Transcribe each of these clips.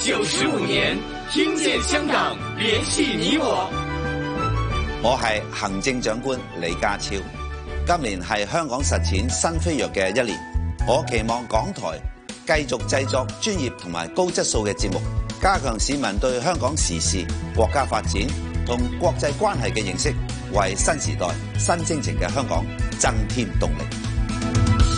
九十五年，聽見香港，聯繫你我。我係行政長官李家超。今年係香港實踐新飛躍嘅一年，我期望港台繼續製作專業同埋高質素嘅節目，加強市民對香港時事、國家發展同國際關係嘅認識，為新時代新征程嘅香港增添動力。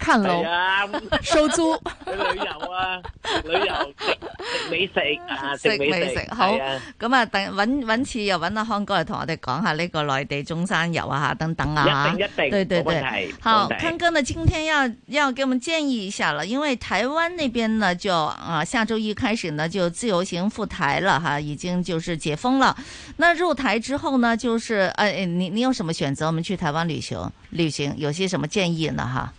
看樓 收租去旅遊啊，旅遊食美食啊，食美食好咁啊！等搵搵次又揾阿康哥嚟同我哋講下呢個內地中山遊啊，等等啊吓，一定一定對對對對對對。好，康哥呢，今天要要給我們建議一下啦，因為台灣那邊呢就啊下周一開始呢就自由行赴台了哈，已經就是解封了。那入台之後呢，就是誒、哎、你你有什麼選擇？我們去台灣旅行旅行，有些什麼建議呢？哈？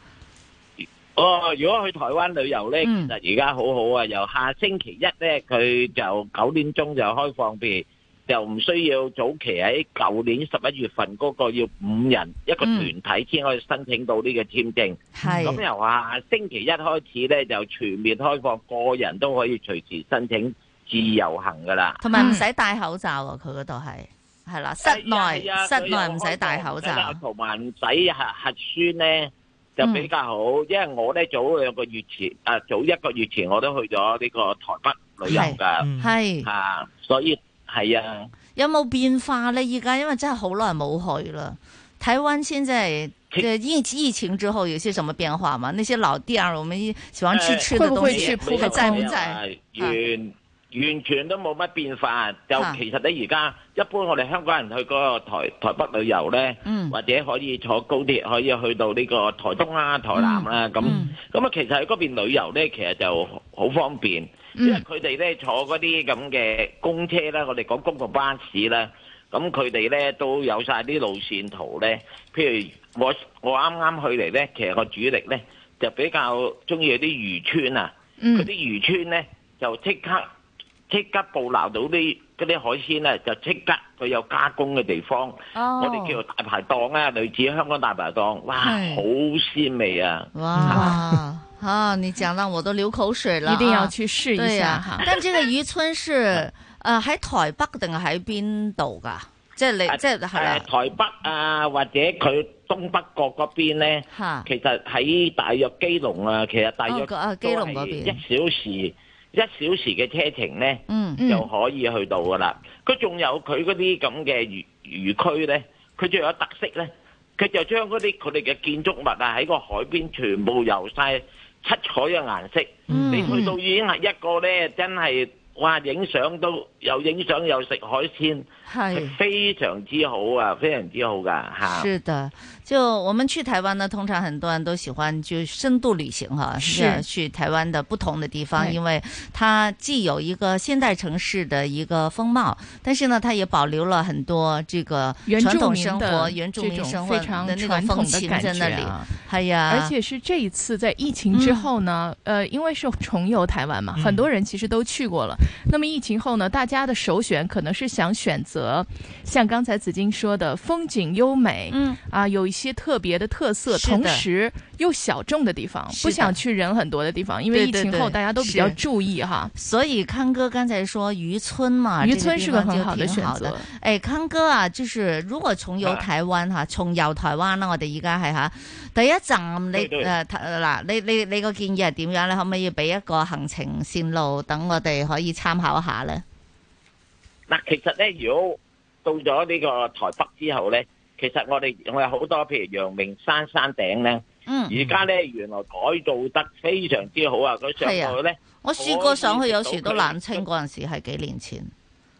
哦，如果去台灣旅遊咧，其實而家好好啊！由下星期一咧，佢就九點鐘就開放譬如，就唔需要早期喺舊年十一月份嗰個要五人一個團體先可以申請到呢個簽證。係咁由下星期一開始咧，就全面開放，個人都可以隨時申請自由行噶啦。同埋唔使戴口罩啊！佢嗰度係係啦，室內室內唔使戴口罩，同埋唔使核核酸咧，就比較好，嗯、因為我咧早兩個月前，誒、啊、早一個月前我都去咗呢個台北旅遊㗎，係嚇、嗯啊，嗯，所以係啊。有冇變化咧？而家因為真係好耐冇去啦，台灣先啫。疫疫情之後有些什麼變化嘛？那些老店，我們喜歡去吃嘅東西，會不會去鋪嘅在唔在？完全都冇乜變化，就其實咧，而家一般我哋香港人去嗰個台台北旅遊咧，或者可以坐高鐵，可以去到呢個台東啦、台南啦，咁咁啊，其實喺嗰邊旅遊咧，其實就好方便，因為佢哋咧坐嗰啲咁嘅公車啦，我哋講公共巴士啦，咁佢哋咧都有晒啲路線圖咧，譬如我我啱啱去嚟咧，其實個主力咧就比較鍾意啲漁村啊，嗰啲漁村咧就即刻。即刻捕撈到啲啲海鮮咧，就即刻佢有加工嘅地方，oh. 我哋叫做大排檔啊，類似香港大排檔，哇，hey. 好鮮味啊！哇、wow. 啊，你講到我都流口水啦！一定要去試一下。啊啊、但係呢個漁村是誒喺、 呃、台北定喺邊度噶？即係你即係係台北啊，或者佢東北角嗰邊咧，吓 其實喺大約基隆啊，其實大約啊基隆嗰邊一小時。一小時嘅車程呢，就、嗯嗯、可以去到㗎喇。佢仲有佢嗰啲咁嘅漁區呢，佢仲有特色呢。佢就將嗰啲佢哋嘅建築物啊喺個海邊全部塗晒七彩嘅顏色。你、嗯、去到已經係一個呢，真係哇！影相都又影相又食海鮮。非常之好啊，非常之好噶哈。是的，就我們去台灣呢，通常很多人都喜歡就深度旅行哈、啊，是去台灣的不同的地方，因為它既有一個現代城市的一個風貌，哎、但是呢，它也保留了很多這個傳統生活、原住民的、原住民生活的這種非常傳統的那個風情在那裏、啊啊。哎呀，而且是這一次在疫情之後呢，嗯、呃，因為是重遊台灣嘛，嗯、很多人其實都去過了、嗯。那麼疫情後呢，大家的首選可能是想選擇。和像剛才紫金說的，風景優美，嗯啊，有一些特別的特色，同時又小眾的地方的，不想去人很多的地方，因為疫情後大家都比較注意哈。所以康哥剛才說漁村嘛，漁村是個很好的選擇。哎，康哥啊，就是如果重遊台灣哈，重、啊、遊台灣呢、啊，我哋而家係哈，第一站你對對呃，嗱，你你你個建議係點樣咧？你可唔可以俾一個行程線路，等我哋可以參考一下咧？嗱，其實咧，如果到咗呢個台北之後咧，其實我哋我有好多譬如陽明山山頂咧，嗯，而家咧原來改造得非常之好啊！佢上去咧，我試過上去有時都冷清，嗰陣時係幾年前。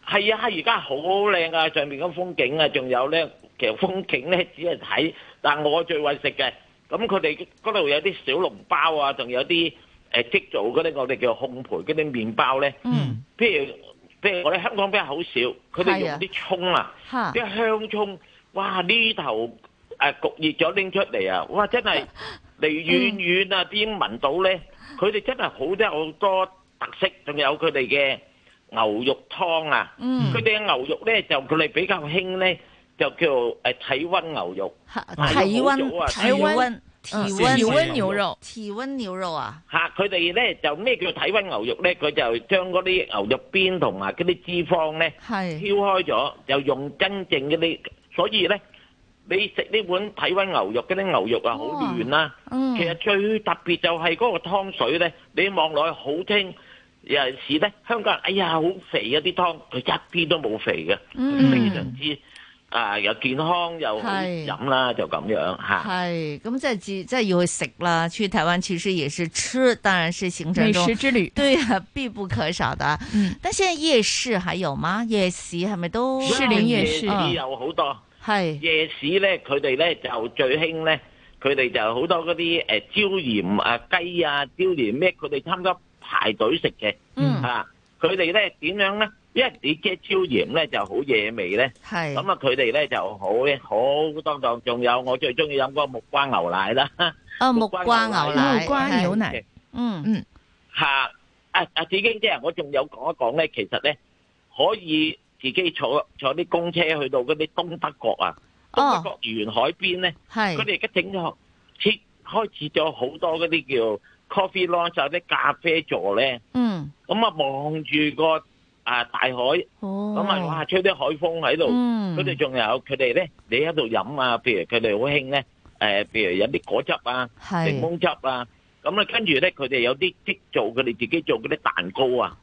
係啊，而家好靚啊！上面嘅風景啊，仲有咧，其實風景咧只係睇，但係我最為食嘅，咁佢哋嗰度有啲小籠包啊，仲有啲誒即做嗰啲我哋叫烘焙嗰啲麵包咧，嗯，譬如。即係我哋香港比較好少，佢哋用啲葱啊，啲香葱，哇！呢頭誒焗熱咗拎出嚟啊，哇！真係離遠遠啊，啲聞到咧，佢哋真係好多好多特色，仲有佢哋嘅牛肉湯啊，佢哋嘅牛肉咧就佢哋比較興咧，就叫做誒體温牛肉，體温體温。體溫牛肉，體溫牛，牛肉啊！吓、啊，佢哋咧就咩叫體溫牛肉咧？佢就將嗰啲牛肉邊同埋嗰啲脂肪咧，挑開咗，就用真正嗰啲，所以咧，你食呢碗體溫牛肉嗰啲牛肉啊，好嫩啦。其實最特別就係嗰個湯水咧，你望落去好清，有陣時咧，香港人哎呀，好肥啊啲湯，佢一啲都冇肥嘅，非常之。嗯啊！又健康又好飲啦，就咁樣嚇。係，咁即係即係要去食啦。去台灣其實也是吃，當然是行程美食之旅，對啊，必不可少的。嗯，但係現在夜市還有嗎？夜市係咪都市井夜市、嗯、有好多。係夜市咧，佢哋咧就最興咧，佢哋就好多嗰啲誒椒鹽啊雞啊椒鹽咩，佢哋參加排隊食嘅。嗯啊，佢哋咧點樣咧？因為你知椒鹽咧就好惹味咧，咁啊佢哋咧就好咧好當當，仲有我最中意飲嗰個木瓜牛奶啦。哦，木瓜牛奶，木瓜牛奶，嗯嗯，吓，阿阿紫荊姐，我仲有講一講咧，其實咧可以自己坐坐啲公車去到嗰啲東北角啊，東北角沿海邊咧，佢哋而家整咗設開始咗好多嗰啲叫 coffee lounge 啲咖啡座咧，嗯，咁啊望住個。啊！大海，咁啊，哇！吹啲海風喺度，佢哋仲有佢哋咧，你喺度飲啊，譬如佢哋好興咧，誒，譬如有啲果汁啊，檸檬汁啊，咁咧跟住咧，佢哋有啲即做佢哋自己做嗰啲蛋糕啊，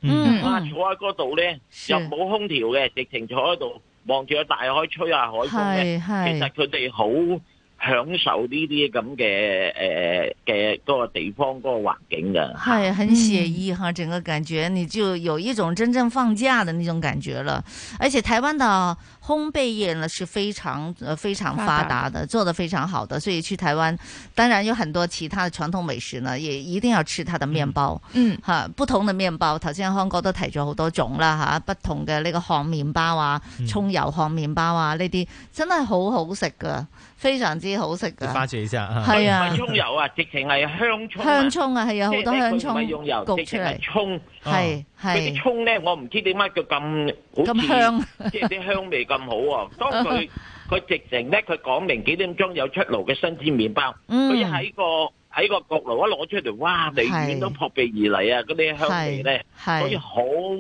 啊，坐喺嗰度咧，又冇空調嘅，直情坐喺度望住個大海吹下海風嘅，其實佢哋好。享受呢啲咁嘅誒嘅嗰個地方嗰個環境嘅，係很寫意哈、嗯，整個感覺你就有一種真正放假的那種感覺了，而且台灣島。烘焙業呢是非常，非常發達的，做得非常好的，所以去台灣，當然有很多其他的傳統美食呢，也一定要吃它的麵包。嗯，吓、嗯啊、不同的麵包，頭先康哥都提咗好多種啦，吓、啊、不同嘅呢個烘麵包啊，蔥油烘麵包啊，呢、嗯、啲真係好好食㗎，非常之好食㗎。掛住一下，係啊，蔥 油啊，直情係香蔥，香蔥啊，係有好多香蔥焗出嚟。係、哦，佢啲蔥咧，我唔知點解叫咁，好似咁香，即係啲香味咁好啊。 當佢佢直情咧，佢講明幾點鐘有出爐嘅新鮮麵包，佢、嗯、喺個。喺個焗爐一攞出嚟，哇，你見到撲鼻而嚟啊！嗰啲香味咧，好似好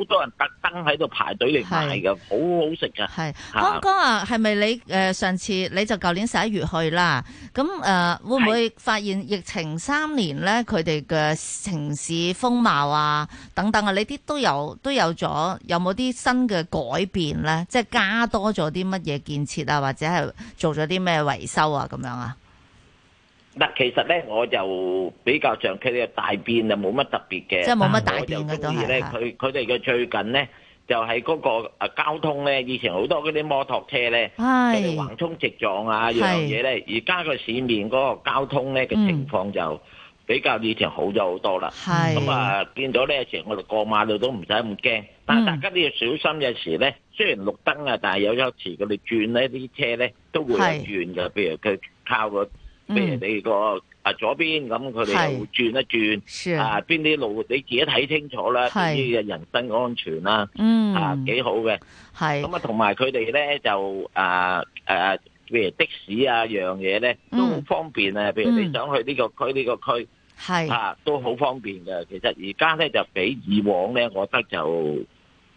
多人特登喺度排隊嚟買㗎，好好食噶。係剛剛啊，係咪、啊、你誒、呃、上次你就舊年十一月去啦？咁誒、呃、會唔會發現疫情三年咧，佢哋嘅城市風貌啊等等啊，呢啲都有都有咗，有冇啲新嘅改變咧？即係加多咗啲乜嘢建設啊，或者係做咗啲咩維修啊，咁樣啊？嗱，其實咧我就比較上佢哋嘅大變就冇乜特別嘅，我就中意咧佢佢哋嘅最近咧就係嗰個啊交通咧，以前好多嗰啲摩托車咧，佢哋橫衝直撞啊樣嘢咧，而家個市面嗰個交通咧嘅情況就比較以前好咗好多啦。咁啊變咗咧，有時我哋過馬路都唔使咁驚，但係大家都要小心。有時咧雖然綠燈啊，但係有有時佢哋轉咧啲車咧都會轉㗎，譬如佢靠個。譬如你個啊左邊咁，佢哋又轉一轉，啊邊啲路你自己睇清楚啦，自己嘅人身安全啦，啊幾好嘅。係咁啊，同埋佢哋咧就啊誒，譬如的士啊樣嘢咧都好方便啊。譬如你想去呢個區呢個區，啊都好方便嘅。其實而家咧就比以往咧，我覺得就唔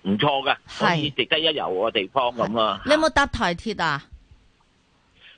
錯嘅。可以值得一遊個地方咁啊。你有冇搭台鐵啊？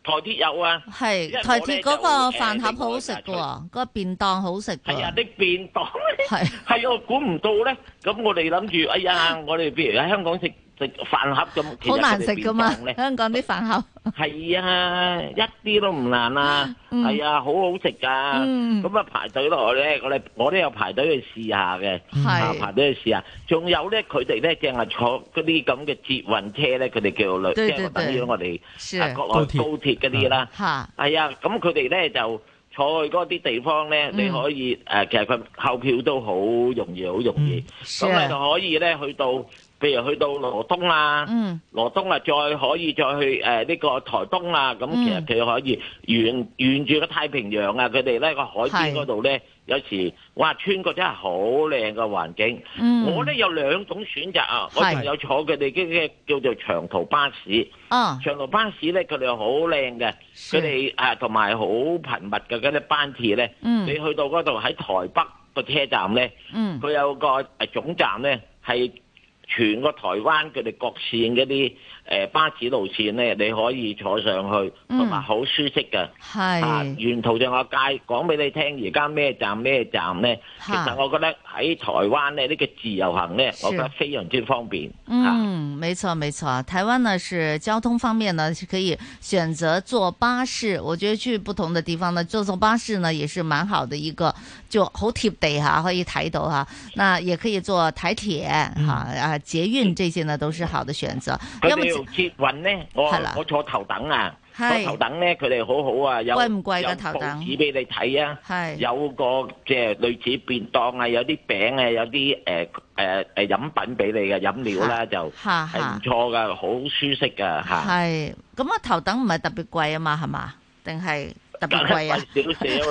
台鐵有啊，係台鐵嗰個飯盒好食㗎喎，呃嗰個便當好食。係啊，啲、啊、便當係係 是、啊 啊、我估唔到咧。咁我哋諗住，哎呀， 啊、我哋譬如喺香港食。食飯盒咁，好難食㗎嘛。香港啲飯盒係啊，一啲都唔難啊，係啊，好好食噶。咁啊，排隊落嚟咧，我哋我都有排隊去試下嘅。係排隊去試下。仲有咧，佢哋咧淨係坐嗰啲咁嘅捷運車咧，佢哋叫兩車，等於我哋係國內高鐵嗰啲啦。吓係啊，咁佢哋咧就坐去嗰啲地方咧，你可以誒，其實佢購票都好容易，好容易。咁你就可以咧去到。譬如去到羅東啦、啊嗯，羅東啊，再可以再去誒呢、呃這個台東啦、啊，咁其實佢可以沿沿住個太平洋啊！佢哋咧個海邊嗰度咧，有時哇，穿過真係好靚嘅環境。嗯、我咧有兩種選擇啊，我仲有坐佢哋嘅叫做長途巴士。長途巴士咧，佢哋好靚嘅，佢哋啊同埋好頻密嘅嗰啲班次咧、嗯。你去到嗰度喺台北個車站咧，佢、嗯、有個總站咧係。全個台灣佢哋各線嗰啲誒、呃、巴士路線咧，你可以坐上去，同埋好舒適嘅。係、嗯啊，沿途就我街，講俾你聽，而家咩站咩站咧。其實我覺得喺台灣咧，呢、這個自由行咧，我覺得非常之方便。嗯，啊、沒錯沒錯啊！台灣呢，是交通方面呢，是可以選擇坐巴士。我覺得去不同的地方呢，坐坐巴士呢，也是蠻好的一個，就好貼地嚇，可以睇到嚇。那也可以坐台鐵嚇。嗯啊捷運這些呢，都是好的選擇。因為捷運呢，我我坐頭等啊，坐頭等呢，佢哋好好啊，有，貴唔貴啊頭等？俾你睇啊，係，有個即係類似便當啊，有啲餅啊，有啲誒誒誒飲品俾你嘅飲料啦，就係唔錯噶，好舒適噶吓。係，咁啊頭等唔係特別貴啊嘛，係嘛？定係？貴少少，但係即係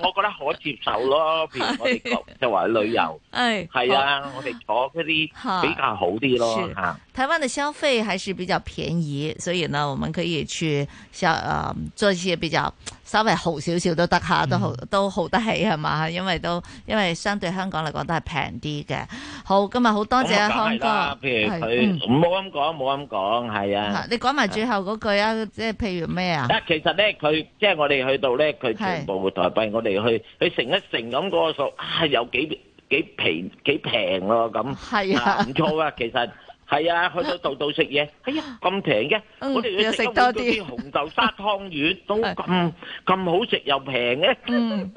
我覺得可接受咯。譬如我哋就話去旅遊，係 係啊，我哋坐嗰啲比較好啲咯嚇。台灣嘅消費還是比較便宜，所以呢，我們可以去想，誒、嗯，做一些比較稍微豪少少都得下，都好都豪得起係嘛？因為都因為相對香港嚟講都係平啲嘅。好，今日好多謝康哥。譬如佢冇咁講，冇咁講，係、嗯、啊。你講埋最後嗰句啊，即、嗯、係譬如咩啊？其實咧，佢即係我哋去到咧，佢全部台幣，我哋去去乘一乘咁嗰個數，啊，有幾幾平幾平咯，咁係啊，唔錯啊，錯啊 其實。係啊，去到度度食嘢，哎呀，咁平嘅，我哋去食多啲紅豆沙湯圓 都咁咁好食又平嘅。嗯，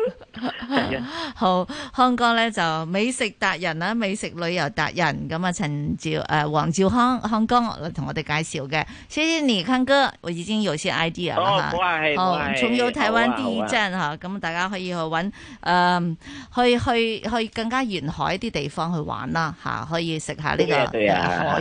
啊、好，康哥咧就美食達人啊，美食旅遊達人咁啊，陳照誒黃照康康哥同我哋介紹嘅。謝謝你，康哥，我已經有些 idea 啦嚇。哦好有震，好啊，係，好啊，重遊台灣第一站咁大家可以去揾誒、呃、去去去更加沿海啲地方去玩啦嚇，可以食下呢、呢個。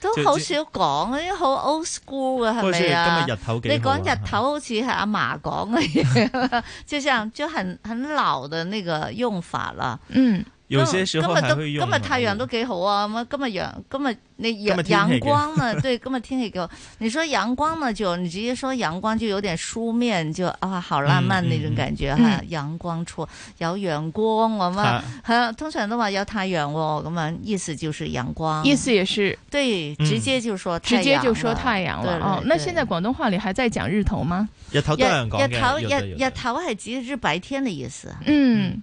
都好少講因為好 old school 嘅係咪啊？你講日頭好似係阿嫲講嘅樣，即 係就像很很老嘅那個用法啦。嗯。有今日都今日太陽都幾好啊咁啊，今日陽今日你陽陽光啊，聽 對，今日天氣幾好。你說陽光啊，就你直接說陽光就有點書面，就啊好浪漫那種感覺哈。陽光出有陽光咁啊，係、嗯啊啊嗯、通常都話有太陽哦。咁啊意思就是陽光。意思也是對，直接就說直接就說太陽了，就說太陽了對哦。那現在廣東話裏還在講日頭嗎？日頭都有人講日日日頭係指日白天的意思。嗯。嗯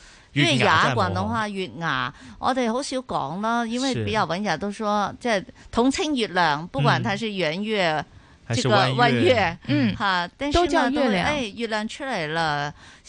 月牙棍嘅話，月牙，我哋好少講啦，因為比較穩日都講，即係統稱月亮，不管係是圓月、嗯、這個彎月，月，嗯嚇，都叫月亮。誒、哎，月亮出嚟啦！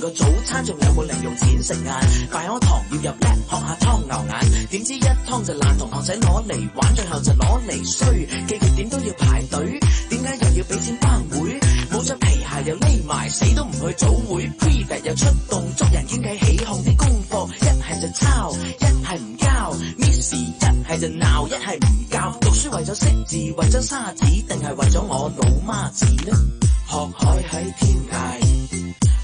個早餐仲有冇零用錢食呀、啊？拜我堂要入 lab, 一學下劏牛眼，點知一劏就爛。同學仔攞嚟玩，最後就攞嚟衰。記極點都要排隊，點解又要俾錢班會？冇着皮鞋又匿埋，死都唔去早會。Prefect 又出動，捉人傾偈起哄啲功課，一係就抄，一係唔交。Miss 一係就鬧，一係唔教。讀書為咗識字，為咗沙紙，定係為咗我老媽子呢？學海喺天涯。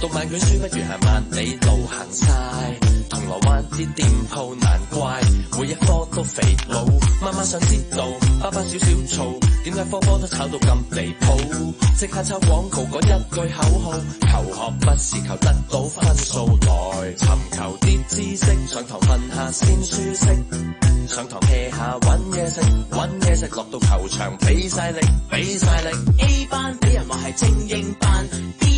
讀萬卷書不如你行萬里路，行晒銅鑼灣啲店鋪，難怪每一科都肥佬，媽媽想知道，爸爸少少燥，點解科科都炒到咁離譜？即刻抄廣告嗰一句口號，求學不是求得到分數，來尋求啲知識，上堂瞓下先舒適，上堂 hea 下搵嘢食，搵嘢食落到球場俾晒力，俾晒力 A 班俾人話係精英班。B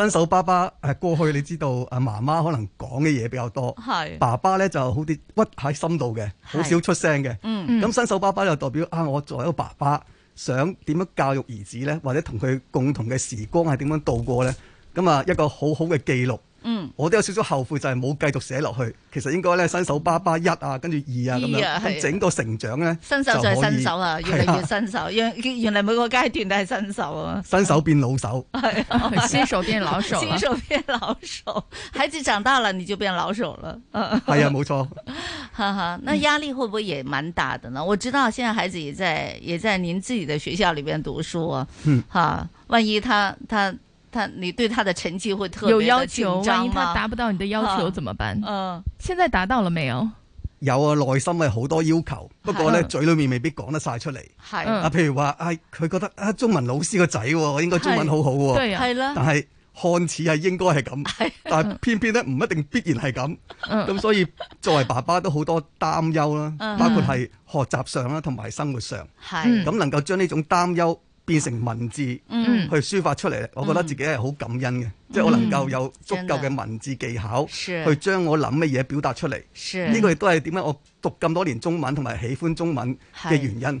新手爸爸誒、啊、過去你知道啊媽媽可能講嘅嘢比較多，爸爸咧就好啲屈喺心度嘅，好少出聲嘅。咁、嗯、新手爸爸就代表啊，我作為一個爸爸，想點樣教育兒子咧，或者同佢共同嘅時光係點樣度過咧？咁啊，一個好好嘅記錄。嗯，我都有少少後悔，就係冇繼續寫落去。其實應該咧，新手爸爸一啊，跟住二啊咁樣，咁整個成長咧，新手就係新手啊，越嚟越新手，原原來每個階段都係新手啊。新手變老手，係新手變老手，新手變老手， 孩子長大了你就變老手了。係啊，冇 錯。哈哈，那壓力會唔會也蠻大的呢？嗯。我知道現在孩子也在也在您自己的學校裏邊讀書啊。嗯，哈，啊，萬一他他。他你對他的成績會特別有要求嗎？萬一他達不到你的要求怎麼辦嗯？嗯，現在達到了沒有？有啊，內心係好多要求，不過咧、啊、嘴裏面未必講得晒出嚟。係啊，譬、嗯、如話，唉、哎，佢覺得啊，中文老師個仔、哦，我應該中文好好喎係啦。但係看似係應該係咁、啊，但係偏偏咧唔一定必然係咁。嗯。咁、嗯、所以作為爸爸都好多擔憂啦、嗯，包括係學習上啦，同埋生活上。係、啊。咁、嗯、能夠將呢種擔憂。變成文字去抒發出嚟、嗯，我覺得自己係好感恩嘅，即、嗯、係、就是、我能夠有足夠嘅文字技巧，去將我諗嘅嘢表達出嚟。呢、這個亦都係點解我讀咁多年中文同埋喜歡中文嘅原因。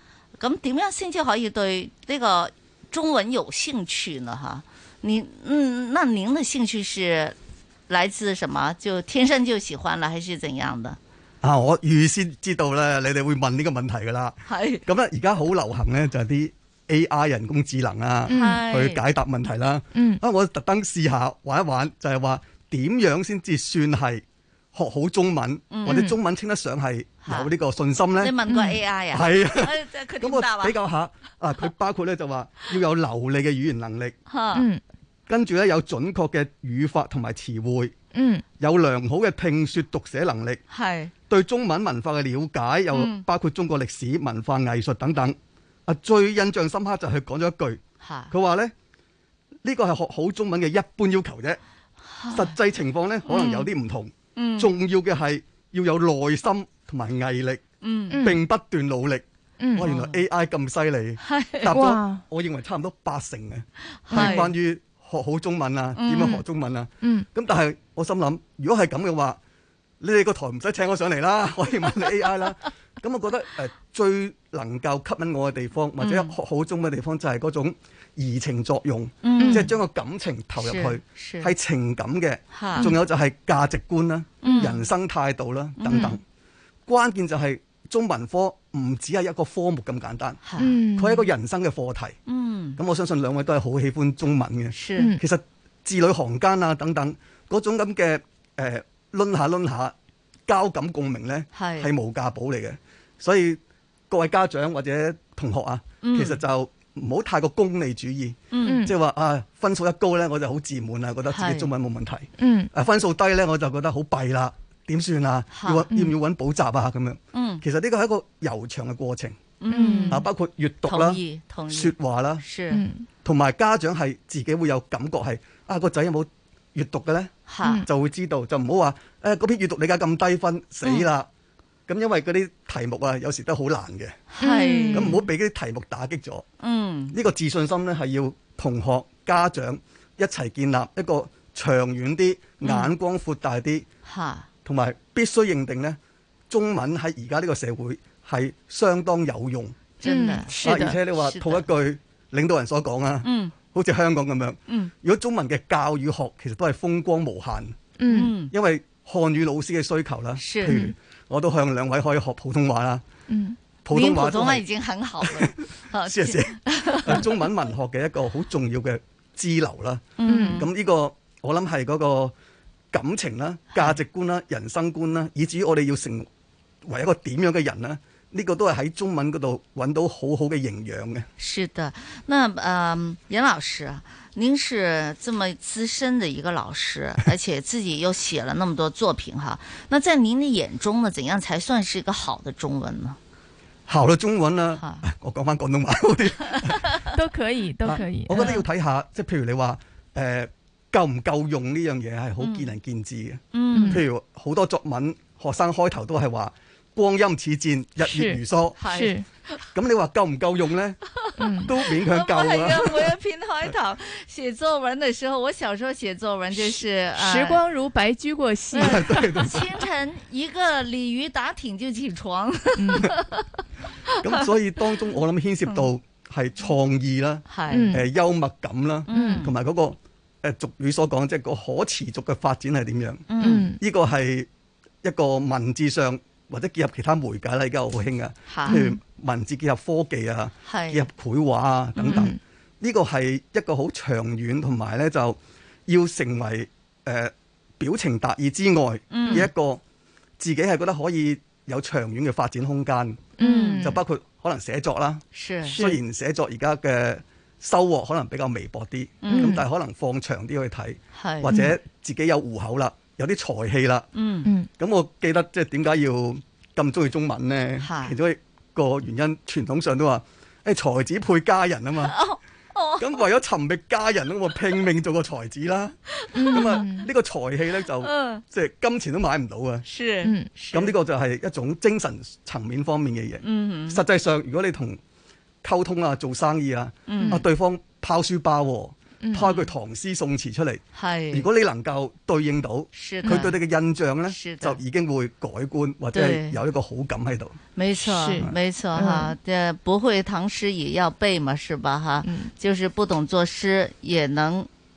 咁點樣先至可以對呢個中文有興趣呢？吓，你嗯，那您的興趣是來自什麼？就天生就喜歡啦，還是怎樣的？啊，我預先知道啦，你哋會問呢個問題噶啦。係咁咧，而家好流行咧，就係啲 AI 人工智能啊，去解答問題啦。嗯，啊，我特登試下玩一玩，就係話點樣先至算係。學好中文，嗯、或者中文稱得上係有呢個信心咧？你問過 A.I.、嗯、啊？係咁 我比較下 啊，佢包括咧就話要有流利嘅語言能力，吓，嗯，跟住咧有準確嘅語法同埋詞彙，嗯，有良好嘅聽說讀寫能力，係對中文文化嘅了解，又包括中國歷史、文化、藝術等等、嗯。啊，最印象深刻就係講咗一句，係佢話咧呢個係學好中文嘅一般要求啫、啊，實際情況咧可能有啲唔同。嗯重要嘅係要有耐心同埋毅力，並不斷努力。我、嗯嗯、原來 A I 咁犀利，答咗我認為差唔多八成嘅係是關於學好中文啊，點、嗯、樣學中文啊。咁但係我心諗，如果係咁嘅話，你哋個台唔使請我上嚟啦，我可以問你 A I 啦。咁 我覺得誒、呃，最能夠吸引我嘅地方或者學好中文嘅地、嗯、地方就係嗰種。移情作用，嗯、即係將個感情投入去，係情感嘅，仲有就係價值觀啦、嗯、人生態度啦等等。嗯嗯、關鍵就係中文科唔只係一個科目咁簡單，佢係一個人生嘅課題。咁、嗯、我相信兩位都係好喜歡中文嘅，其實字裏行間啊等等嗰種咁嘅誒，呃、掄下掄下交感共鳴呢係無價寶嚟嘅。所以各位家長或者同學啊，嗯、其實就。唔好太過功利主義，即係話啊，分數一高咧，我就好自滿啦，覺得自己中文冇問題。嗯，啊分數低咧，我就覺得好弊啦，點算啊？要要唔要揾補習啊？咁樣。嗯，其實呢個係一個悠長嘅過程。嗯，啊包括閱讀啦、說話啦，同埋家長係自己會有感覺係啊個仔有冇閱讀嘅咧，就會知道就唔好話誒嗰篇閱讀理解咁低分死啦。咁因為嗰啲題目啊，有時都好難嘅。係咁唔好俾啲題目打擊咗。嗯，呢個自信心咧，係要同學、家長一齊建立一個長遠啲、嗯、眼光闊大啲。吓，同埋必須認定咧，中文喺而家呢個社會係相當有用。真的，嗯、而且你話套一句領導人所講啊，嗯，好似香港咁樣，嗯，如果中文嘅教育學其實都係風光無限。嗯，因為漢語老師嘅需求啦，譬如。我都向兩位可以學普通話啦、嗯，普通話都係。普通話已經很好啦， 是唔不是 中文文學嘅一個好重要嘅支流啦。嗯，咁呢個我諗係嗰個感情啦、價、嗯、值觀啦、人生觀啦，以至於我哋要成為一個點樣嘅人呢、啊？呢、這個都係喺中文嗰度揾到好好嘅營養嘅。是的，那誒，顏、呃、老師、啊。您是這麼資深的一個老師，而且自己又寫了那麼多作品哈。 那在您的眼中呢，怎樣才算是一個好的中文呢？好的中文呢、啊啊，我講翻廣東話好 都可以，都可以。我覺得要睇下，嗯、即係譬如你話，誒、呃，夠唔夠用呢樣嘢係好見仁見智嘅。嗯，譬如好多作文，學生開頭都係話。光陰似箭，日月如梭。係咁，你話夠唔夠用咧、 嗯？都勉強夠啊！咁係嘅。每一篇開頭寫作文嘅時候，我小時候寫作文就是時光如白駒過隙。 清晨一個鯉魚打挺就起床。咁 所以當中我諗牽涉到係創意啦，誒、 嗯呃、幽默感啦，同埋嗰個誒、呃、俗語所講即係個可持續嘅發展係點樣？嗯，呢個係一個文字上。或者結合其他媒介啦，而家好興㗎，譬如文字結合科技啊，結、嗯、結合繪畫啊等等，呢個係一個好長遠同埋咧，就要成為誒表情達意之外嘅一個自己係覺得可以有長遠嘅發展空間、嗯，就包括可能寫作啦。雖然寫作而家嘅收穫可能比較微薄啲，咁、嗯、但係可能放長啲去睇，或者自己有戶口啦。有啲才氣啦，嗯，咁我記得即係點解要咁中意中文咧？其中一個原因，傳統上都話：，誒、欸，才子配佳人啊嘛。哦，咁、哦、為咗尋覓佳人，咁我拼命做個才子啦。咁、嗯、啊，這個才氣呢個才氣咧就即係金錢都買唔到嘅、嗯。是，咁呢個就係一種精神層面方面嘅嘢。嗯，實際上如果你同溝通啊、做生意啊，啊、嗯、對方拋書包、啊。開句唐詩宋詞出嚟、嗯，如果你能夠對應到，佢對你嘅印象呢，就已經會改觀或者係有一個好感喺度。沒錯，沒錯、嗯、不會唐詩也要背嘛，是吧？嗯、就是不懂作詩也能。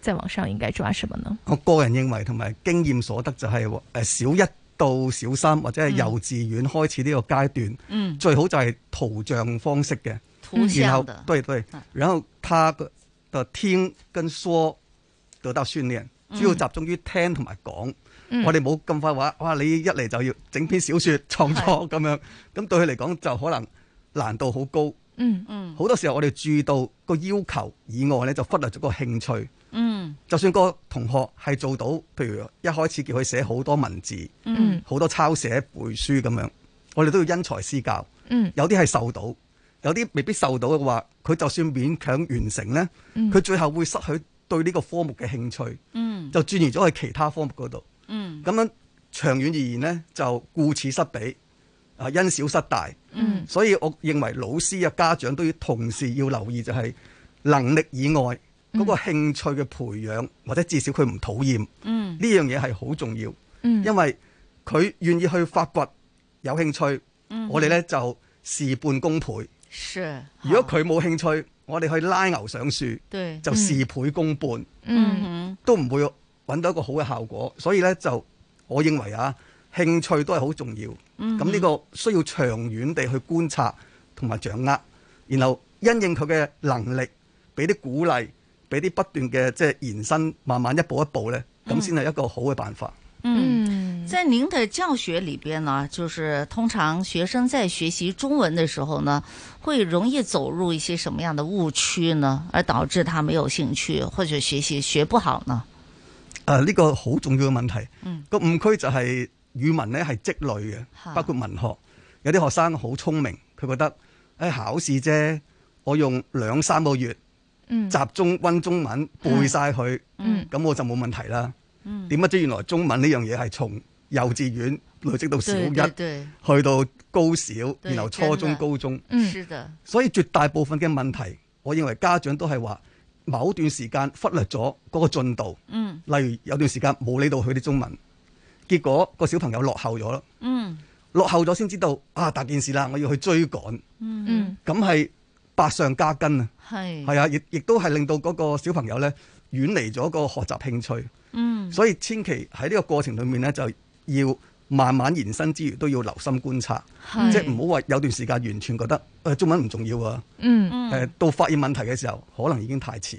在往上應該抓什麼呢？我個人認為同埋經驗所得就係小一到小三或者係幼稚園開始呢個階段，嗯、最好就係圖像方式嘅、嗯、然像、嗯、對對對，然後他的聽跟說得到訓練、嗯，主要集中於聽同埋講。嗯、我哋冇咁快話，哇！你一嚟就要整篇小説創作咁樣，咁對佢嚟講就可能難度好高。嗯嗯，好多時候我哋注意到個要求以外咧，就忽略咗個興趣。嗯，就算個同學係做到，譬如一開始叫佢寫好多文字，嗯，好多抄寫背書咁樣，我哋都要因材施教，嗯，有啲係受到，有啲未必受到嘅話，佢就算勉強完成咧，嗯，佢最後會失去對呢個科目嘅興趣，嗯，就轉移咗去其他科目嗰度，嗯，咁樣長遠而言咧就顧此失彼，啊，因小失大，嗯，所以我認為老師啊家長都要同時要留意就係能力以外。嗰、嗯那個興趣嘅培養，或者至少佢唔討厭，呢、嗯、樣嘢係好重要。嗯、因為佢願意去發掘有興趣，嗯、我哋咧就事半功倍。如果佢冇興趣，我哋去拉牛上樹，對就事倍功半，嗯、都唔會搵到一個好嘅效果。所以咧，就我認為啊，興趣都係好重要。咁、嗯、呢個需要長遠地去觀察同埋掌握，然後因應佢嘅能力，俾啲鼓勵。俾啲不斷嘅即係延伸，慢慢一步一步咧，咁先係一個好嘅辦法。嗯，在您的教學裏邊呢，就是通常學生在學習中文的時候呢，會容易走入一些什麼樣的誤區呢？而導致他沒有興趣或者學習學不好呢？啊，呢、這個好重要嘅問題。嗯，個誤區就係、是、語文呢係積累嘅，包括文學。啊、有啲學生好聰明，佢覺得喺、哎、考試啫，我用兩三個月。嗯、集中溫中文背晒佢，咁、嗯嗯、我就冇問題啦。點、嗯、不知原來中文呢樣嘢係從幼稚園累積到小一，對對對，去到高小，然後初中、高中、嗯。所以絕大部分嘅問題，我認為家長都係話某段時間忽略咗嗰個進度。嗯。例如有段時間冇理到佢啲中文，結果個小朋友落後咗咯。嗯。落後咗先知道啊！大件事啦，我要去追趕。嗯。咁係。百上加斤啊，係，係啊，亦亦都係令到嗰個小朋友咧遠離咗個學習興趣，嗯，所以千祈喺呢個過程裏面咧，就要慢慢延伸之餘都要留心觀察，即係唔好話有段時間完全覺得誒、呃、中文唔重要啊，嗯，誒、呃、到發現問題嘅時候，可能已經太遲。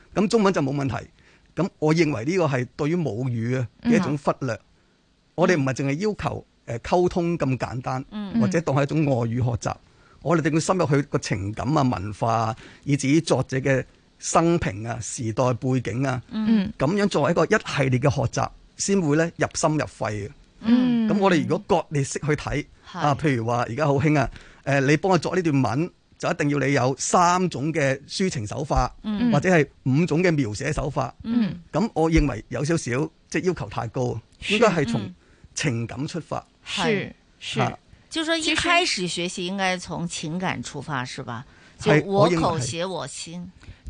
咁中文就冇問題。咁我認為呢個係對於母語嘅一種忽略。嗯、我哋唔係淨係要求誒溝通咁簡單、嗯，或者當係一種外語學習。嗯、我哋定要深入去個情感啊、文化啊，以至於作者嘅生平啊、時代背景啊，嗯、咁樣作為一個一系列嘅學習，先會咧入心入肺嘅。嗯、咁、我哋如果割裂式去睇啊，譬如話而家好興啊，誒、呃，你幫我作呢段文。就一定要你有三種嘅抒情手法，嗯、或者係五種嘅描寫手法。咁、嗯、我認為有少少即係要求太高，是應該係從情感出發。是是、啊、是，就說、是、一開始學習應該從情感出發，是吧？就我口寫我心。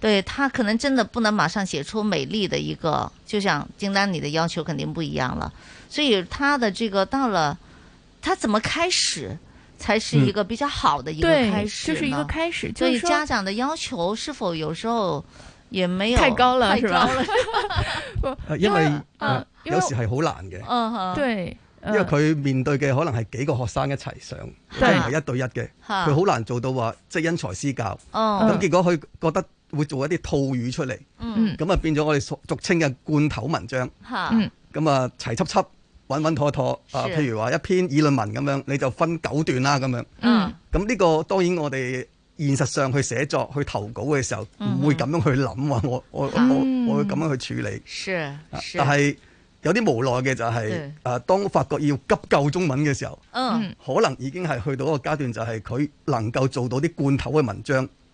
對，他可能真的不能馬上寫出美麗的一個，就像金丹你的要求肯定不一樣了，所以他的這個到了，他怎麼開始，才是一個比較好的一個開始呢？嗯、對、就是一個開始、就是。所以家長的要求是否有時候也沒有太高了？太高了， 因為有時係好難嘅。嗯，對，因為佢、啊啊啊啊、面對嘅可能係幾個學生一齊上，唔係、啊、一對一嘅，佢、啊、好難做到話即係因材施教。哦、啊、咁、啊、結果佢覺得。會做一啲套語出嚟，咁、嗯、啊，變咗我哋俗俗稱嘅罐頭文章，咁啊齊輯輯穩穩妥妥啊。譬如話一篇議論文咁樣，你就分九段啦咁樣。咁、嗯、呢個當然我哋現實上去寫作去投稿嘅時候，唔會咁樣去諗話、嗯、我我我我咁樣去處理。嗯啊、是是但係有啲無奈嘅就係、是、啊，當發覺要急救中文嘅時候、嗯嗯，可能已經係去到一個階段，就係佢能夠做到啲罐頭嘅文章。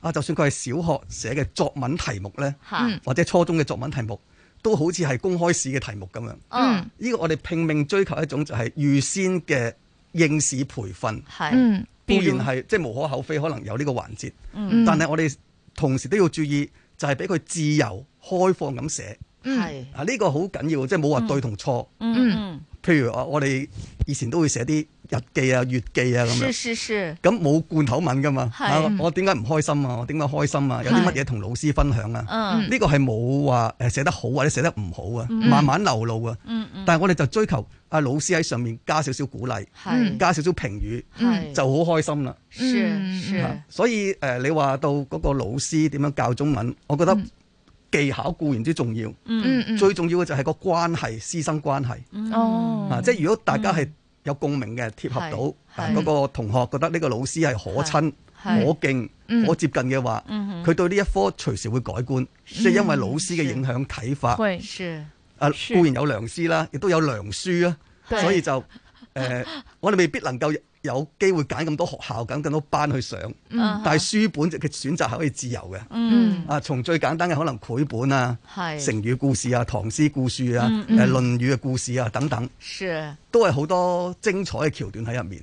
啊，就算佢係小學寫嘅作文題目咧，嗯、或者初中嘅作文題目，都好似係公開試嘅題目咁樣。呢、嗯、個我哋拼命追求一種就係預先嘅應試培訓，固、嗯、然係即係無可厚非，可能有呢個環節。嗯、但係我哋同時都要注意就要，就係俾佢自由開放咁寫。啊，呢個好緊要，即係冇話對同錯。嗯嗯嗯、譬如我我哋以前都會寫啲日記啊、月記啊咁樣，咁冇罐頭文噶嘛？啊，我點解唔開心啊？我點解開心啊？有啲乜嘢同老師分享啊？呢、嗯，這個係冇話誒寫得好或者寫得唔好啊、嗯，慢慢流露啊、嗯嗯。但係我哋就追求啊老師喺上面加少少鼓勵，加少少評語，就好開心啦、嗯。所以誒，你話到嗰個老師點樣教中文、嗯，我覺得技巧固然之重要，嗯嗯、最重要嘅就係個關係，師、嗯、生關係。哦，即係如果大家係。有共鳴嘅貼合到，嗰個同學覺得呢個老師係可親、可敬、可接近嘅話，佢、嗯、對呢一科隨時會改觀，即係因為老師嘅影響啟發。啊，固然有良師啦，亦都有良書啊，所以就誒、呃，我哋未必能夠有機會揀咁多學校，揀咁多班去上，嗯、但係書本嘅選擇係可以自由嘅。嗯，啊，從最簡單嘅可能繪本啊，成語故事啊，唐詩故、啊嗯嗯呃、故事啊，誒，《論語》嘅故事啊等等，是都係好多精彩嘅橋段喺入面。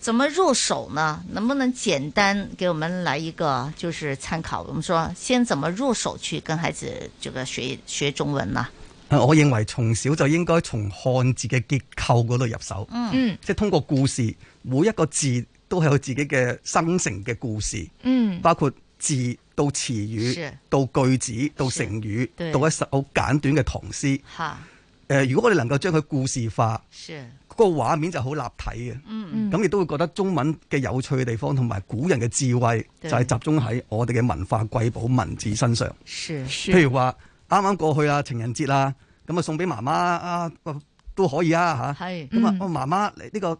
怎麼入手呢？能不能簡單給我們來一個，就是參考？我們說先怎麼入手去跟孩子這個學學中文呢？我認為從小就應該從漢字嘅結構嗰度入手，嗯，即通過故事，每一個字都係有自己嘅生成嘅故事，嗯，包括字到詞語到句子到成語到一首好簡短嘅唐詩。誒、呃，如果我哋能夠將佢故事化，是那個畫面就好立體嘅。咁、嗯、亦都會覺得中文嘅有趣嘅地方，同埋古人嘅智慧，就係、是、集中喺我哋嘅文化瑰寶文字身上。是是譬如話啱啱過去啊情人節啦啊，咁啊送俾媽媽啊都可以啊吓。咁、嗯這個、啊，媽媽呢個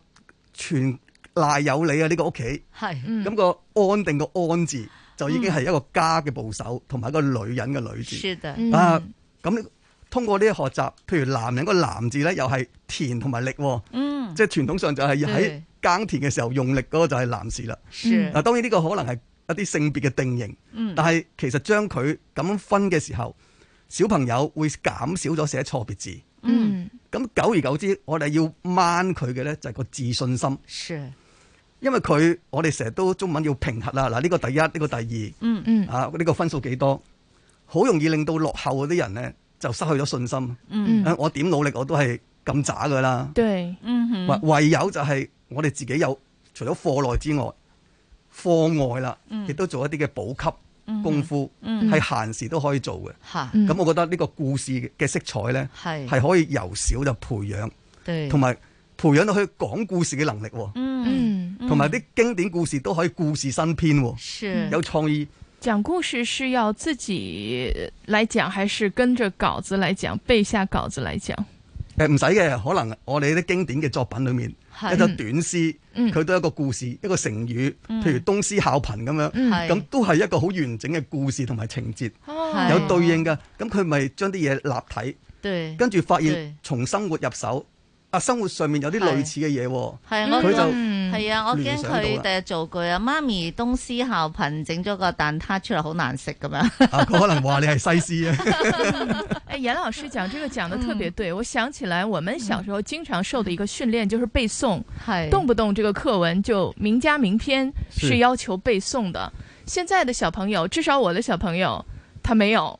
全賴有你啊呢個屋企。咁、那個安定個安字，嗯，就已經係一個家嘅部首，同埋一個女人嘅女字。是的嗯、啊，咁。通過呢啲學習，譬如男人個男字咧，又係田同埋力，嗯、即係傳統上就係喺耕田嘅時候用力嗰個就係男字啦。嗱、嗯，當然呢個可能係一啲性別嘅定型，嗯、但係其實將佢咁分嘅時候，小朋友會減少咗寫錯別字。嗯，咁、嗯、久而久之，我哋要掹佢嘅咧就係個自信心。是，因為佢我哋成日都中文要評核啦。嗱，呢個第一，呢、這個第二，嗯嗯，啊呢、這個分數幾多，好容易令到落後嗰啲人咧。就失去咗信心。嗯、我點努力我都係咁渣噶啦。唯、嗯、唯有就係我哋自己有，除咗課內之外，課外啦，亦、嗯、都做一啲嘅補給功夫，喺、嗯嗯、閒時都可以做嘅。咁、嗯、我覺得呢個故事嘅色彩咧，係可以由小就培養，同埋培養到佢講故事嘅能力。同埋啲經典故事都可以故事新編，有創意。講故事是要自己來講，還是跟着稿子來講，背下稿子來講？誒、呃，唔使嘅，可能我哋啲經典嘅作品裏面，一首短詩，佢、嗯、都有一個故事、嗯，一個成語，譬如東施效顰咁樣，咁、嗯嗯、都係一個好完整嘅故事同埋情節、哦，有對應嘅，咁佢咪將啲嘢立體，對、跟住發現，從生活入手。啊，生活上面有啲類似嘅嘢，佢、嗯、就係啊，我驚佢第日做句啊，媽咪東施效顰，整咗個蛋撻出嚟好難食咁樣。啊，佢可能話你係西施啊。誒，顏老師講這個講得特別對、嗯，我想起來我們小時候經常受的一個訓練就是背誦，係、嗯、動不動這個課文就名家名篇是要求背誦的。現在的小朋友，至少我的小朋友，他沒有。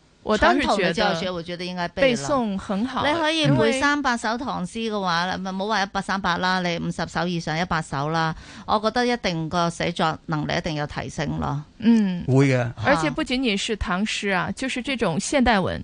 我當然會教道，我覺得應該背背誦很好，你可以背三百首唐詩嘅話，唔好話一百三百啦，你五十首以上，一百首啦，我覺得一定個寫作能力一定有提升咯。嗯，會嘅、啊啊。而且不僅僅是唐詩啊，就是這種現代文。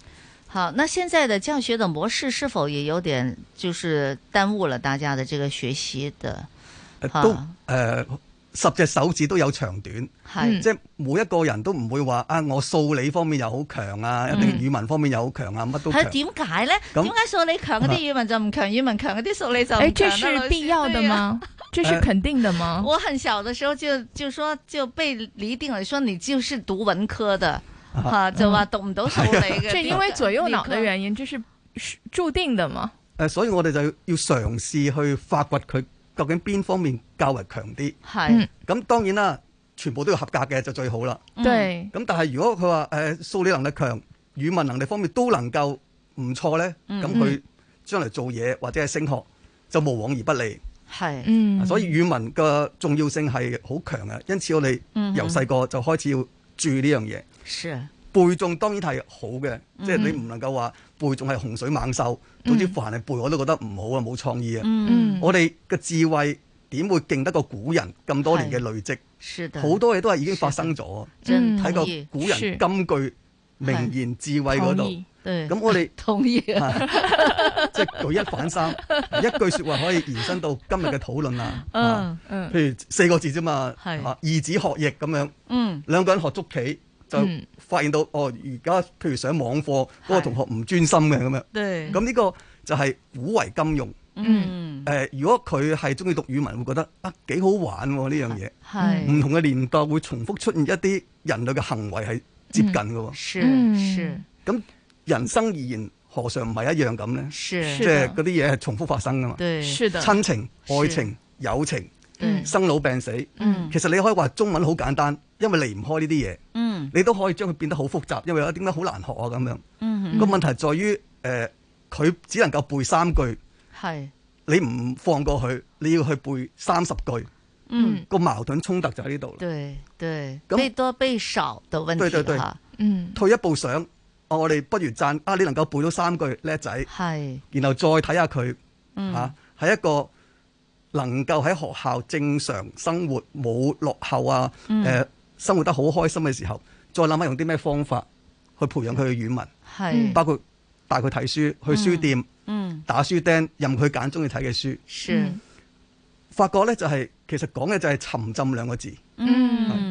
好，那現在的教學的模式是否也有點就是耽誤了大家的這個學習的？都、啊、呃，十隻手指都有長短，係、嗯、即係每一個人都唔會話啊，我數理方面又好強啊，一、嗯、定語文方面又好強啊，乜都強。係點解咧？點解數理強啲語文就唔強、啊、語文強，語文強啲數理就誒，這是必要的嗎？啊、 這是肯定的嗎？我很小的時候就就說就被厘定了，說你就是讀文科的。吓，就話讀唔到數理嘅，即係因為左右腦嘅原因，即係注定嘅嘛。誒，所以我哋就要嘗試去發掘佢究竟邊方面較為強啲。係咁，嗯、當然啦，全部都要合格嘅就最好啦。對、嗯。咁、嗯嗯、但係如果佢話誒，數理能力強，語文能力方面都能夠唔錯咧，咁佢將來做嘢或者係升學，就無往而不利。係。嗯。所以語文嘅重要性係好強嘅，因此我哋由細個就開始要。注意呢樣嘢，背誦當然係好嘅、嗯，即係你唔能夠話背誦係洪水猛獸、嗯，總之凡係背我都覺得唔好啊，冇、嗯、創意啊、嗯，我哋嘅智慧點會勁得過古人咁多年嘅累積，好多嘢都係已經發生咗，睇、嗯、個古人金句名言智慧嗰度。咁我哋同意、啊啊，即係舉一反三， 一句說話可以延伸到今日嘅討論啊。譬如四個字啫嘛，啊，二子學弈咁樣，嗯，兩個人學捉棋就發現到、嗯、哦，而家譬如上網課嗰、那個同學唔專心嘅咁樣，對，咁呢個就係古為今用。嗯，誒、呃，如果佢係中意讀語文，嗯、會覺得啊幾好玩呢樣嘢。係、啊、唔、啊、同嘅年代會重複出現一啲人類嘅行為係接近嘅、嗯。是、嗯、是，咁。人生而言，何嘗唔係一樣咁呢？即係嗰啲嘢係重複發生噶嘛？親情、愛情、友情、生老病死。嗯、其實你可以話中文好簡單，因為離唔開呢啲嘢。你都可以將佢變得好複雜，因為點解好難學啊？咁樣個、嗯嗯、問題在於，誒、呃，佢只能夠背三句。係你唔放過佢，你要去背三十句。嗯，個矛盾衝突就喺呢度啦。對對，背多背少的問題。對對對，嗯，退一步想。啊、我哋不如讚啊！你能夠背咗三句叻仔，係然後再睇下佢吓，係、嗯啊、一個能夠喺學校正常生活冇落後啊，誒、嗯呃，生活得好開心嘅時候，再諗下用啲咩方法去培養佢嘅語文，係包括帶佢睇書去書店嗯，嗯，打書釘，任佢揀中意睇嘅書，是、嗯、發覺咧就係、是、其實講嘅就係沉浸兩個字，嗯。啊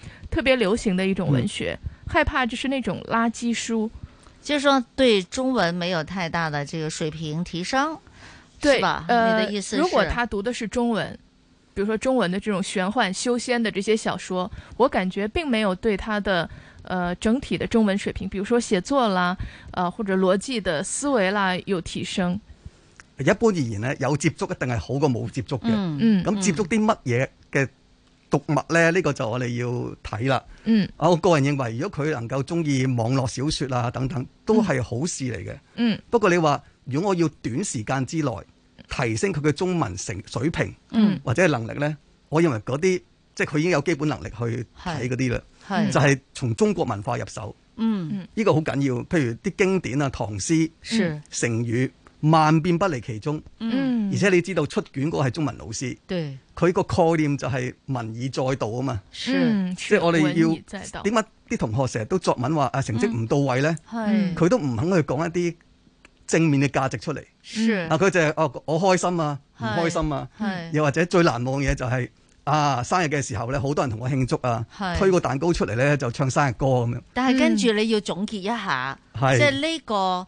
特別流行的一種文學、嗯，害怕就是那種垃圾書，就是說對中文沒有太大的這個水平提升，對是吧、呃？你的意思是，如果他讀的是中文，比如說中文的這種玄幻、修仙的這些小說，我感覺並沒有對他的呃整體的中文水平，比如說寫作啦，呃或者邏輯的思維啦有提升。一般而言呢，有接觸一定係好過冇接觸嘅。嗯嗯。咁接觸啲乜嘢嘅？嗯嗯讀物咧，呢個就我哋要睇啦。嗯，我個人認為，如果佢能夠鍾意網絡小説啊等等，都係好事嚟嘅。嗯，不過你話，如果我要短時間之內提升佢嘅中文成水平，嗯，或者係能力呢，我認為嗰啲即係佢已經有基本能力去睇嗰啲啦。係就係從中國文化入手。嗯，呢個好緊要。譬如啲經典啊、唐詩、是成語。萬變不離其宗、嗯，而且你知道出卷嗰個係中文老師，佢個概念就係文以載道啊嘛，即係我哋要點解啲同學成日都作文話啊成績唔到位咧，佢、嗯、都唔肯去講一啲正面嘅價值出嚟，嗱佢就係、係、哦我開心啊唔開心啊，又或者最難忘嘢就係、係、啊生日嘅時候咧，好多人同我慶祝啊，推個蛋糕出嚟咧就唱生日歌咁樣，但係跟住你要總結一下，即係呢個。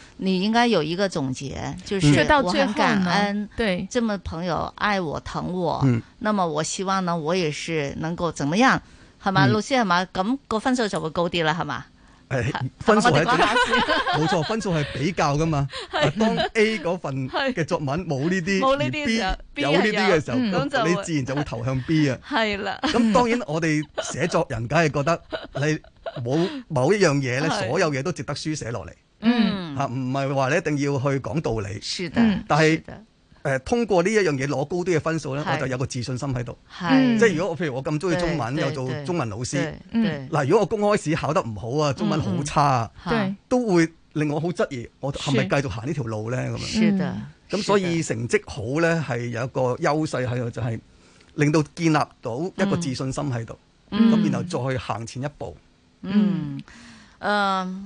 你應該有一個總結，就是我很感恩，對，這麼朋友愛我疼我、嗯。那麼我希望呢，我也是能夠怎麼樣，係、嗯、嘛，老師係嘛，咁、那個分數就會高啲啦，係、哎啊、嘛。分數係比較，冇錯，分數係比較㗎嘛。當 A 嗰份嘅作文冇呢啲，冇呢啲有呢啲嘅時候、嗯，你自然就會投向 B 啊。係啦。咁當然我哋寫作人梗係覺得你冇某一樣嘢咧，所有嘢都值得書寫落嚟。嗯，吓唔係話你一定要去講道理，是但係誒、呃、通過呢一樣嘢攞高啲嘅分數呢，我就有個自信心喺度、嗯。即係如果我譬如我咁中意中文，又做中文老師，嗱、嗯、如果我公開試考得唔好啊，中文好差啊，都會令我好質疑，我係咪繼續行呢條路呢？咁樣？咁所以成績好呢，係有一個優勢喺度，就係、是、令到建立到一個自信心喺度，咁、嗯、然後再去行前一步。嗯，嗯嗯嗯呃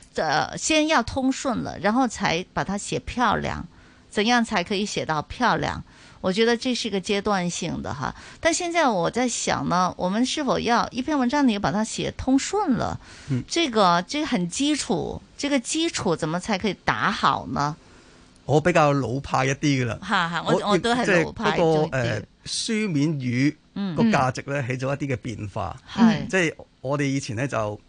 呃，先要通順了，然後才把它寫漂亮。怎樣才可以寫到漂亮？我覺得這是一個階段性的哈。但現在我在想呢，我們是否要一篇文章你要把它寫通順了？嗯、這個這個、很基礎，這個基礎怎麼才可以打好呢？我比較老派一啲嘅喇，哈哈，我我、就是、我都係老派中。那個誒、呃、書面語個價值呢，嗯、起咗一啲嘅變化。係、嗯，即、就、係、是、我哋以前呢，就。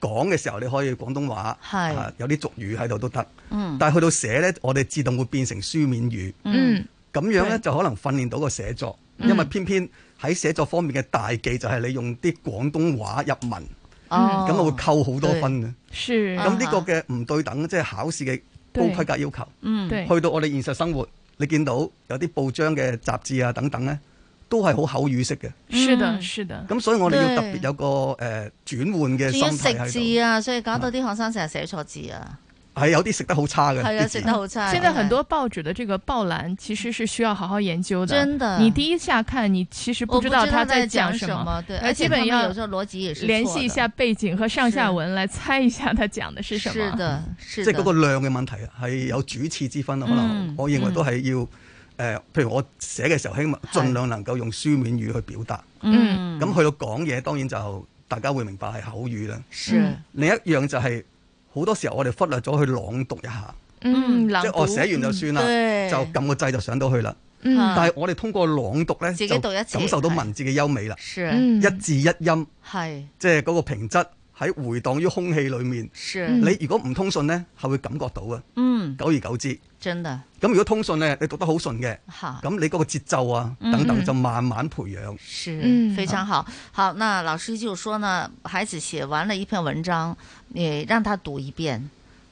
講嘅時候，你可以廣東話，係、呃、有啲俗語喺度都得。嗯，但係去到寫呢，我哋自動會變成書面語。嗯，咁樣呢就可能訓練到個寫作、嗯，因為偏偏喺寫作方面嘅大忌就係你用啲廣東話入文，嗯、哦，咁會扣好多分嘅。是，咁呢個嘅唔對等，即、就、係、是、考試嘅高規格要求。嗯，去到我哋現實生活，你見到有啲報章嘅雜誌啊等等呢。都係好口語式嘅、嗯，是的，是的。咁、嗯、所以我哋要特別有個誒、呃、轉換嘅心態喺度。食字啊，所以搞到啲學生成日寫錯字啊。係有啲食得好差嘅，係啊，食得好差。現在很多報紙嘅這個報欄其實是需要好好研究的。真的，你第一下看你其實不知道他在講什,什麼，對，而且可能有時候邏輯也是聯繫一下背景和上下文來猜一下他講的是什麼。是的，即係嗰個量嘅問題啊，係有主次之分咯、嗯。可能我認為都係要。誒、呃，譬如我寫嘅時候，希望盡量能夠用書面語去表達。嗯，咁去到講嘢，當然就大家會明白係口語啦、嗯。另一樣就係、是、好多時候我哋忽略咗去朗讀一下。嗯，即係我寫完就算啦、嗯，就撳個掣就上到去啦、嗯。但係我哋通過朗讀呢，自己讀一次，就感受到文字嘅優美啦、嗯。一字一音。係。即係嗰個平質。喺回蕩於空氣裏面，是你如果唔通順呢，係會感覺到嘅。嗯，久而久之，真嘅。咁如果通順呢，你讀得很順的好順嘅，吓，咁你嗰個節奏啊嗯嗯等等就慢慢培養。是，非常好，好。好，那老師就說呢，孩子寫完了一篇文章，你讓他讀一遍。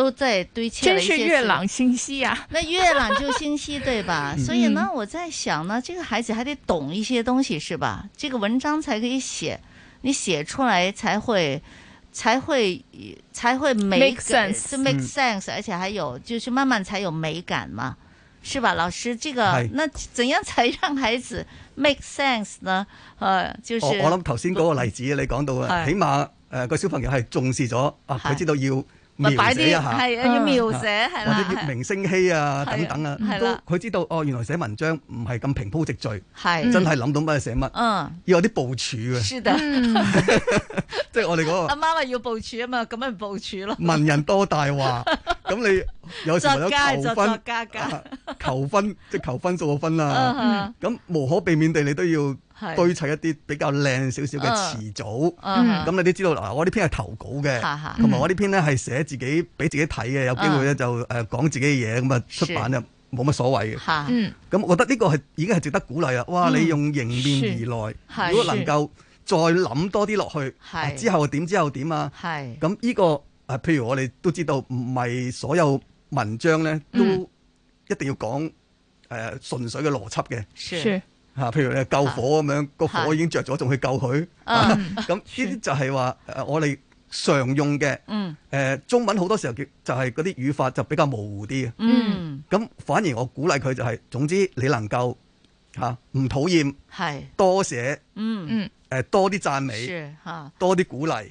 都在堆砌了。真是月朗星稀呀！那月朗就星稀， 對吧？所以呢，我在想呢、嗯，這個孩子還得懂一些東西，是吧？這個文章才可以寫，你寫出來才會，才會，才會美感，就 make sense，, make sense、嗯、而且還有就是慢慢才有美感嘛，是吧？老師，這個那怎樣才讓孩子 make sense 呢？呃，就是我諗頭先嗰個例子你講到啊，起碼誒、呃、個小朋友係重視咗啊，佢知道要。咪擺啲係啊！要描寫係嘛、嗯？或者要月明星稀啊、嗯、等等啊，啊等等啊都佢知道哦。原來寫文章唔係咁平鋪直敍，係、嗯、真係諗到乜寫乜。嗯，要有啲部署嘅。是、 嗯、 即係我哋嗰、那個。阿媽話要部署啊嘛，咁咪部署咯。 文人多大話，咁你有時候有求 就作家，家，家、啊，求分即係求分數嘅分啦、啊。咁、嗯嗯、無可避免地，你都要。堆砌一啲比較靚少少嘅詞組，咁、啊啊嗯、你都知道。嗱，我呢篇係投稿嘅，同、啊、埋、啊嗯、我呢篇咧係寫自己俾自己睇嘅，有機會咧就誒講自己嘅嘢，咁啊出版咧冇乜所謂嘅。咁、啊嗯、我覺得呢個已經係值得鼓勵啊！哇、嗯，你用迎面而來，如果能夠再諗多啲落去、啊，之後點之後點啊？咁呢、啊呢個譬如我哋都知道，唔係所有文章咧都一定要講誒、嗯呃、純粹嘅邏輯嘅。吓啊，譬如你救火咁樣，個火已經着咗，仲去救佢。咁呢啲就係話，我哋常用嘅。誒、嗯呃，中文好多時候就係嗰啲語法就比較模糊啲。咁、嗯、反而我鼓勵佢就係、是，總之你能夠吓唔討厭，多寫，誒、嗯、多啲讚美，多啲鼓勵，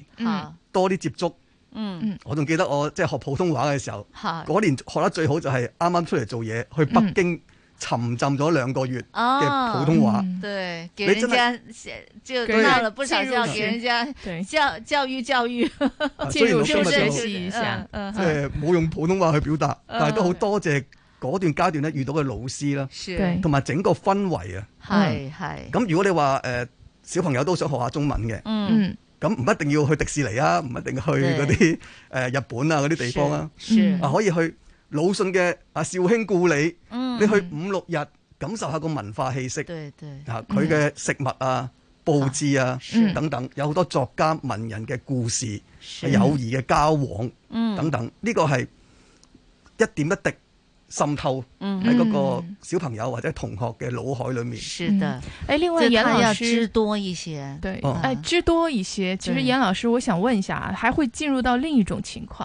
多啲、啊、接觸、啊。我仲記得我即係學普通話嘅時候，嗰、啊、年學得最好就係啱啱出嚟做嘢去北京。嗯沉浸咗兩個月嘅普通話，啊嗯、對，俾人家即係教了不少，教俾人家教教育教育，即係冇用普通話去表達、啊，但係都好多謝嗰段階段咧遇到嘅老師啦，同、啊、埋整個氛圍啊，係係。咁、嗯嗯、如果你話誒、呃、小朋友都想學下中文嘅，咁、嗯、唔、嗯、一定要去迪士尼啊，唔一定要去嗰啲誒日本啊嗰啲地方、嗯、啊，啊可以去。魯迅嘅阿紹興故里，你去五六日，感受下個文化氣息，嗯、對佢對嘅、嗯、食物啊、佈置啊，啊等等，有好多作家文人嘅故事、友誼嘅交往等等，呢、嗯這個係一點一滴滲透喺嗰個小朋友或者同學嘅腦海裏面。是的，嗯嗯、誒，另外嚴老師他要知多一些，對啊、誒，知多一些。其實嚴老師，我想問一下還會進入到另一種情況。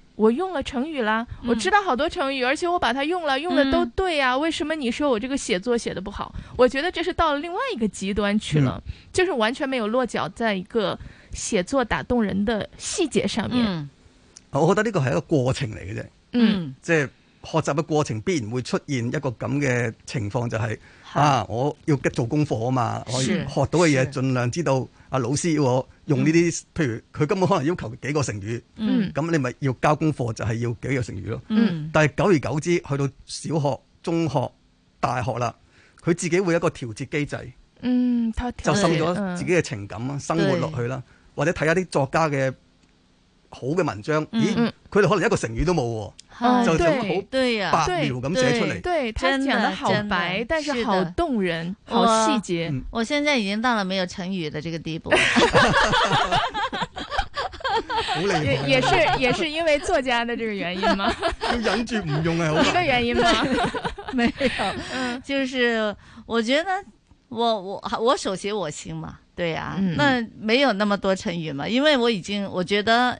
我用了成語啦，我知道好多成語、嗯，而且我把它用了，用得都對啊。為什麼你說我這個寫作寫的不好？我覺得這是到了另外一個極端去了、嗯，就是完全沒有落腳在一個寫作打動人的細節上面、嗯。我覺得呢個係一個過程嚟嘅啫，即、嗯、係、就是、學習嘅過程必然會出現一個咁嘅情況，就係、是、啊，啊，我要做功課啊嘛，我學到嘅嘢盡量知道。啊老師要我用呢啲，譬如佢根本可能要求幾個成語，咁、嗯、你咪要交功課，就係、是、要幾個成語咯。嗯、但係久而久之，去到小學、中學、大學啦，佢自己會有一個調節機制，嗯、就滲咗自己嘅情感啊、生活落去啦，對 或者睇一啲作家嘅。好嘅文章，咦？佢、嗯、哋、嗯、可能一個成語都冇，啊，就整對好白描咁寫出嚟。對，對，對，真的他講得好白真的，但是好動人，好細節。我現在已經到了沒有成語的這個地步 也是也是因為作家的這個原因嗎？ 忍住唔用啊，一個 原因嗎？沒 有、 嗯，就是我覺得我我我手寫我心嘛，對啊、嗯，那沒有那麼多成語嘛，因為我已經我覺得。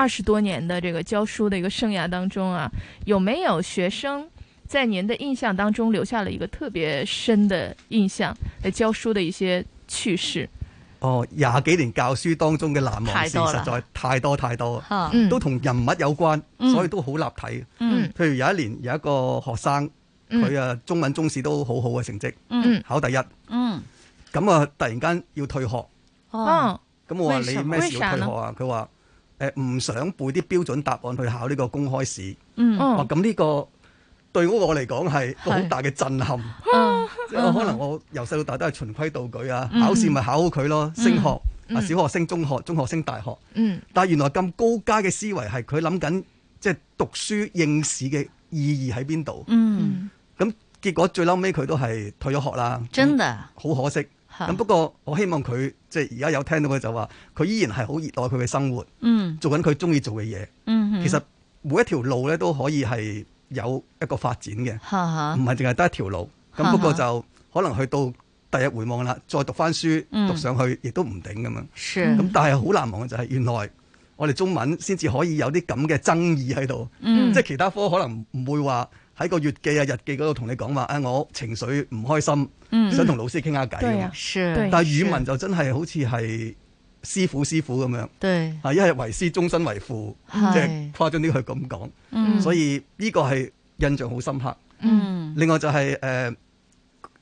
二十多年的這個教書的一個生涯當中啊，有沒有學生在您的印象當中留下了一個特別深的印象？在教書的一些趣事？哦，廿幾年教書當中嘅難忘事實在太多太多、啊嗯、都同人物有關，所以都好立體、嗯嗯。譬如有一年有一個學生，佢啊中文、中史都好好嘅成績、嗯嗯，考第一，嗯，咁啊突然間要退學，哦、啊，咁、啊、我話你咩時要退學啊？佢話。誒、呃，唔想背啲標準答案去考呢個公開試，哇、嗯！咁、哦、呢個對我嚟講係一個好大嘅震撼。即係、啊、可能我由細到大都係循規蹈矩啊，考試咪考好佢咯，升學啊、嗯嗯，小學升中學，中學升大學。嗯，但係原來咁高階嘅思維係佢諗緊，即係讀書應試嘅意義喺邊度？嗯，咁、嗯、結果最嬲尾佢都係退咗學啦。真㗎，好可惜。咁不過我希望佢即係而家有聽到嘅就話，佢依然係好熱愛佢嘅生活，嗯、做緊佢中意做嘅嘢、嗯。其實每一條路咧都可以係有一個發展嘅，唔係淨係得一條路。咁不過就可能去到第日回望啦，再讀翻書、嗯、讀上去也不，亦都唔頂咁樣。咁但係好難忘嘅就係原來我哋中文先至可以有啲咁嘅爭議喺度、嗯，即係其他科可能唔會話，喺個月記啊日記嗰度同你講話，誒、啊、我情緒唔開心，想同老師傾下偈。但係語文就真係好似係師傅師傅咁樣。啊，一日為師，終身為父，即係、就是、誇張啲佢咁講。所以呢個係印象好深刻、嗯。另外就係誒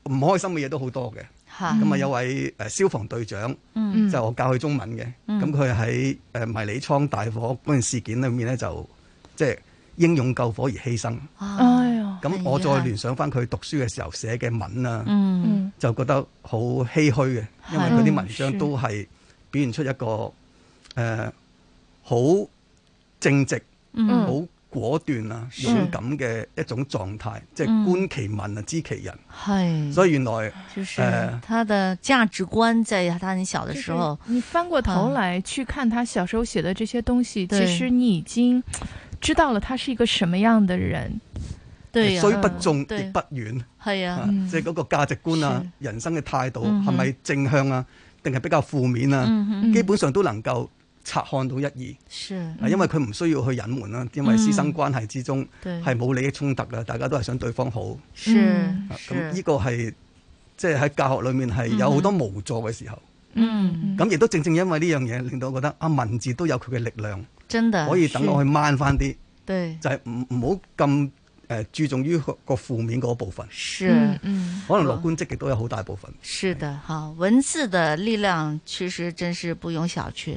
唔開心嘅嘢都好多嘅。咁、嗯、啊有位誒消防隊長，嗯、就是、我教佢中文嘅。咁佢喺誒迷你倉大火嗰件事件裏面咧，就即係、就是、英勇救火而犧牲。啊啊啊咁、哦嗯、我再聯想翻佢讀書嘅時候寫嘅文啦、啊嗯，就覺得好唏噓嘅、嗯，因為佢啲文章都係表現出一個誒好、呃、正直、好、嗯、果斷啊、嗯、勇敢嘅一種狀態，即係觀其文啊、嗯、知其人。係，所以原來就是、呃、他的價值觀，在他很小的時候。就是、你翻過頭來去看他小時候寫的這些東西、嗯，其實你已經知道了他是一個什麼樣的人。雖不中亦不遠，係啊，嗯、即係嗰個價值觀啊，人生嘅態度係咪正向啊，定、嗯、係比較負面啊、嗯嗯，基本上都能夠察看到一二、嗯，因為佢唔需要去隱瞞啦，因為師生關係之中係冇利益衝突噶、嗯，大家都係想對方好。咁呢、嗯嗯、個係即係喺教學裏面係有好多無助嘅時候。嗯，咁、嗯、亦都正正因為呢樣嘢，令到我覺得啊，文字都有佢嘅力量，真嘅可以等我去掹翻啲，就係唔唔好咁。誒、呃、注重於個負面嗰部分，是嗯，可能樂觀積極都有好大部分。嗯、是的，哈，文字的力量其實真是不容小覷。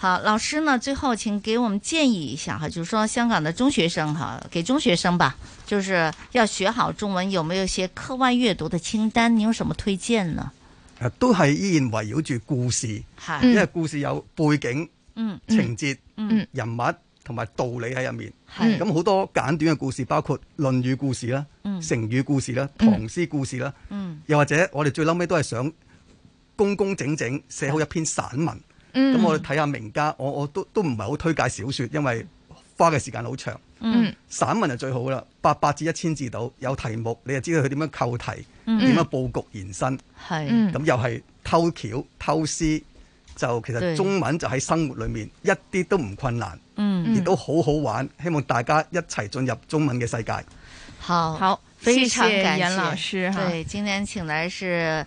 好，老師呢？最後請給我們建議一下哈，就是說香港的中學生哈，給中學生吧，就是要學好中文，有沒有一些課外閱讀的清單？你有什麼推薦呢？都係依然圍繞住故事、嗯，因為故事有背景、嗯、情節、嗯嗯、人物同埋道理喺入面，咁好、嗯、多簡短嘅故事，包括《論語》故事啦、嗯，《成語》故事啦，嗯《唐詩》故事啦、嗯，又或者我哋最嬲尾都係想工工整整寫好一篇散文。咁、嗯、我哋睇下名家，我我都都唔係好推介小説，因為花嘅時間好長、嗯。散文就最好啦，八百至一千字到，有題目，你就知道佢點樣扣題，點、嗯、樣佈局延伸。咁、嗯、又係偷橋偷師，就其實中文就喺生活裏面一啲都唔困難，亦、嗯、都好好玩。希望大家一齊進入中文嘅世界好。好，非常感謝顏老師，對，今年請來是。